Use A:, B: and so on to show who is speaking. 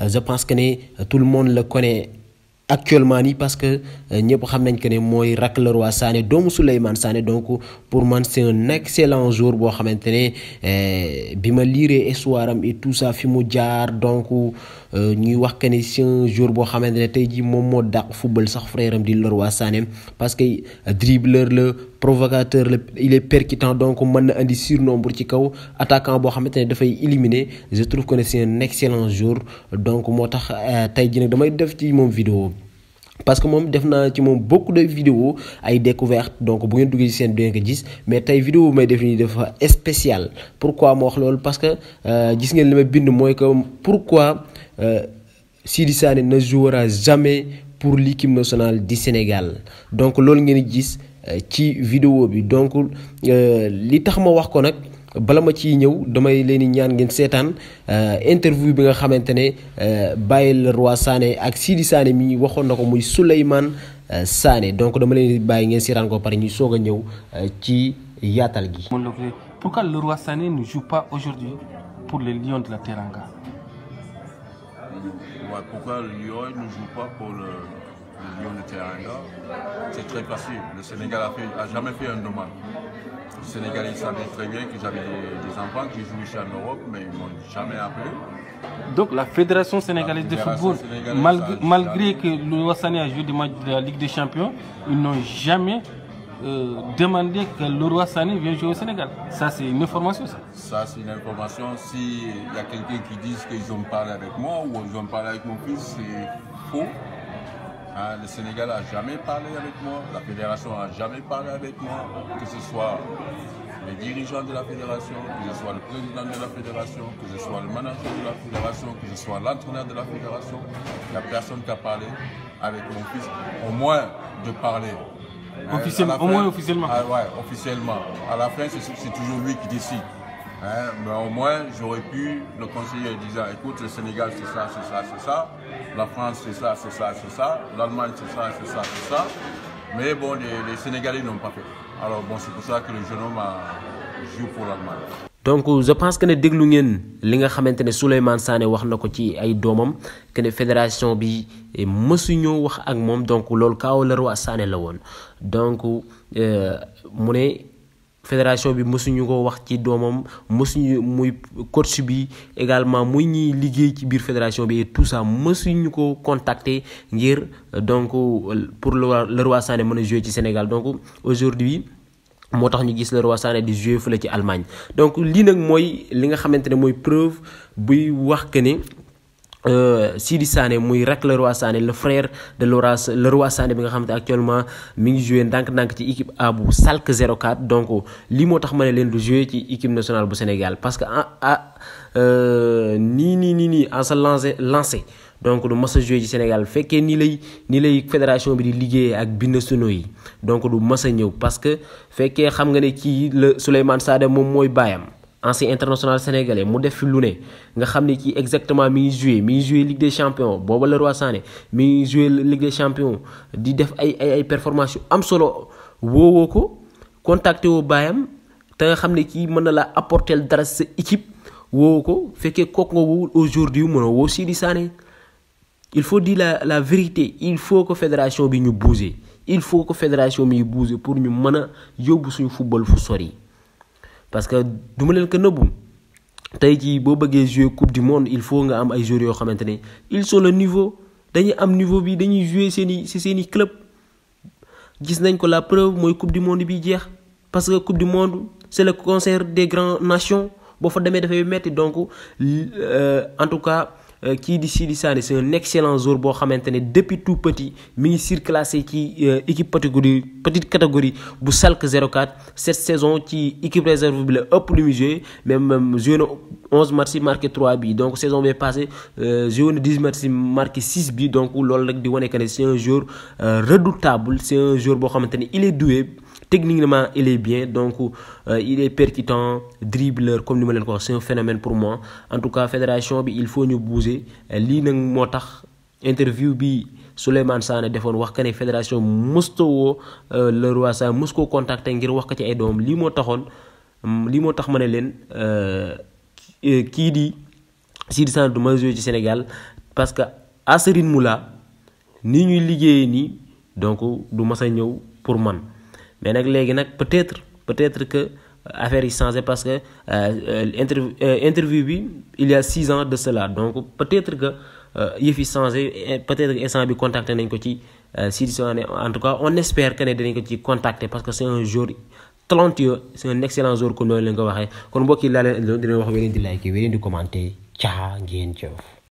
A: Euh, je pense que tout le monde le connaît actuellement ni parce que euh, ñepp xam nañ que né moy Rak Leroy Sané doomu Souleymane Sané donc pour man c'est un excellent jour bo xamantene euh bima ma liiree et tout ça fi mu jaar donc euh, ñuy wax que né c'est un jour bo xamantene ne tey jii moom moo football sax frère am di Leroy Sané parce que euh, dribbleur le provocateur le il est percutant donc man na indi surnombre ci kaw attaquant bo xamantene da fay éliminer je trouve que c'est un excellent jour donc motax tax tey jii damay def ci mom vidéo parce que moom def naa ci moom beaucoup de vidéos ay découvertes donc bu ngeen duggee ci seen bien ko gis mais tey vidéo may def nii dafa spécial pourquoi ma wax loolu parce que euh, gis ngeen li ma bind mooy que pourquoi euh, Sidi Sané ne jouera jamais pour l'équipe nationale du Sénégal donc loolu ngeen gis euh, ci vidéo bi donc li tax ma wax ko nag bala ma ciy ñëw damay leen di ñaan ngeen seetaan euh, interview bi nga xamante ne euh, Baye Leroy Sané ak Sidi Sané mi waxoon na ko muy Souleymane euh, Sané donc dama leen di bàyyi ngeen seetaan ko pare ñuy soog a ñëw ci yaatal gi. pourquoi Leroy Sané ne joue pas aujourd'hui pour les Lions de la Teranga
B: ouais, Pourquoi le Lyon ne joue pas pour le, le Lion de Teranga C'est très facile. Le Sénégal n'a jamais fait un dommage. Les Sénégalais savaient très bien que j'avais des, enfants qui jouaient ici en Europe, mais ils ne m'ont jamais appelé. Donc la
A: Fédération sénégalaise de football, malgré, que le Sani a joué des matchs de la Ligue des Champions, ils n'ont jamais euh, demandé que le roi Sani vienne jouer au Sénégal. Ça,
B: c'est une information, ça. Ça, c'est une information. S'il y a quelqu'un qui dit qu'ils ont parlé avec moi ou ils ont parlé avec mon fils, c'est faux. Ah, le Sénégal n'a jamais parlé avec moi, la fédération n'a jamais parlé avec moi, que ce soit les dirigeants de la fédération, que ce soit le président de la fédération, que ce soit le manager de la fédération, que ce soit l'entraîneur de la fédération, la personne qui a parlé avec mon fils, au moins de parler. Euh, officiellement, au moins officiellement. Ah, oui, officiellement. À la fin, c'est toujours lui qui décide. Hein, mais au moins, j'aurais pu le conseiller en disant, écoute, le Sénégal, c'est ça, c'est ça, c'est ça. La France, c'est ça, c'est ça, c'est ça. L'Allemagne, c'est ça, c'est ça, c'est ça. Mais bon, les, les Sénégalais n'ont pas fait. Alors bon, c'est pour ça que le jeune homme joué pour l'Allemagne.
A: donc je pense que ne déglu dit li nga xamante ne Souleymane Sané wax na ko ci ay doomam que ne fédération bi eh, mësuñoo wax ak mom donc lool kaw la roi Sané la won donc euh, ne fédération bi mësuñu ko wax ci doomam mësuñu muy coach bi également muy ñuy liggéey ci biir fédération bi et tout ça mësuñu ko contacter ngir donc pour Leroy Sané mën a jouer ci Sénégal donc aujourd'hui moo tax ñu gis Leroy Sané di jouer fële ci Allemagne donc lii nag mooy li nga xamante ne mooy preuve buy wax que ni Euh, Sidi Sané muy rek roi le frère de Leroy Leroy Sané bi nga actuellement mi ngi joué qui ci équipe A 04 donc li motax du ci équipe nationale bu Sénégal parce que ah, ah euh, ni ni ni ni en lancé donc du Massa jouer ci Sénégal féké ni lay fédération bi di ak donc du massa parce que féké xam nga Souleymane Sade mom ancien international sénégalais mu def fi lu ne nga xam ne exactement mi ngi joué mi ngi joué Ligue des champions booba roi Sané mi ngi Ligue des champions di def ay ay ay performances yu am solo woowoo ko contacté woo baayam te nga xam ne apporté mën na laa apporter dara sa équipe ko fekkee kooku aujourd'hui mën a Sané il faut dire la la vérité il faut que fédération bi ñu bouger il faut que fédération bi ñu bouger pour ñu mën a yóbbu suñu football fu sori parce que du ma leen ko nëbbu tey jii boo bëggee jouer coupe du monde il faut nga am ay joueurs yoo xamante ils sont le niveau dañuy am niveau bi dañuy jouer seen i si seen club gis nañ ko la preuve mooy coupe du monde bi jeex parce que coupe du monde c'est le concert des grandes nations boo fa demee dafay metti donc euh, en tout cas qui euh, di Sidi c'est un excellent joueur depuis tout petit mini ngi qui ci euh, équipe catégorie petite catégorie bu 04 cette saison qui équipe réserve bi premier jeu. même 11 mars il marqué 3 buts. donc saison bien passée. Euh, jeune 10 mars marqué 6 billes. donc c'est un joueur redoutable c'est un joueur pour il est doué techniquement il est bien donc euh, il est percutant dribbleur comme ni ma c'est un phénomène pour moi en tout cas fédération il faut nous bouger euh, li interview bi Souleymane Sané defoon wax que la fédération musto euh, le roi sa musko contacter ngir wax ko ci ay dom li c'est di du Sénégal parce que Asserine ce ni ñuy liggéey ni donc du pour man mais nag léegi nag peut-être peut-être que euh, affaire yi changé parce que euh, euh, interview interview bi il y a six ans de cela donc peut-être que yëf yi changé peut-être que instant bi contacté nañ ko ci Sidi Souané en tout cas on espère que ne dinañ ko ci contacter parce que c'est un jour talentueux c'est un excellent jour comme noonu leen ko waxee kon mbokk yi laa leen dina wax weneen di like weneen di commenter caa ngeen jëf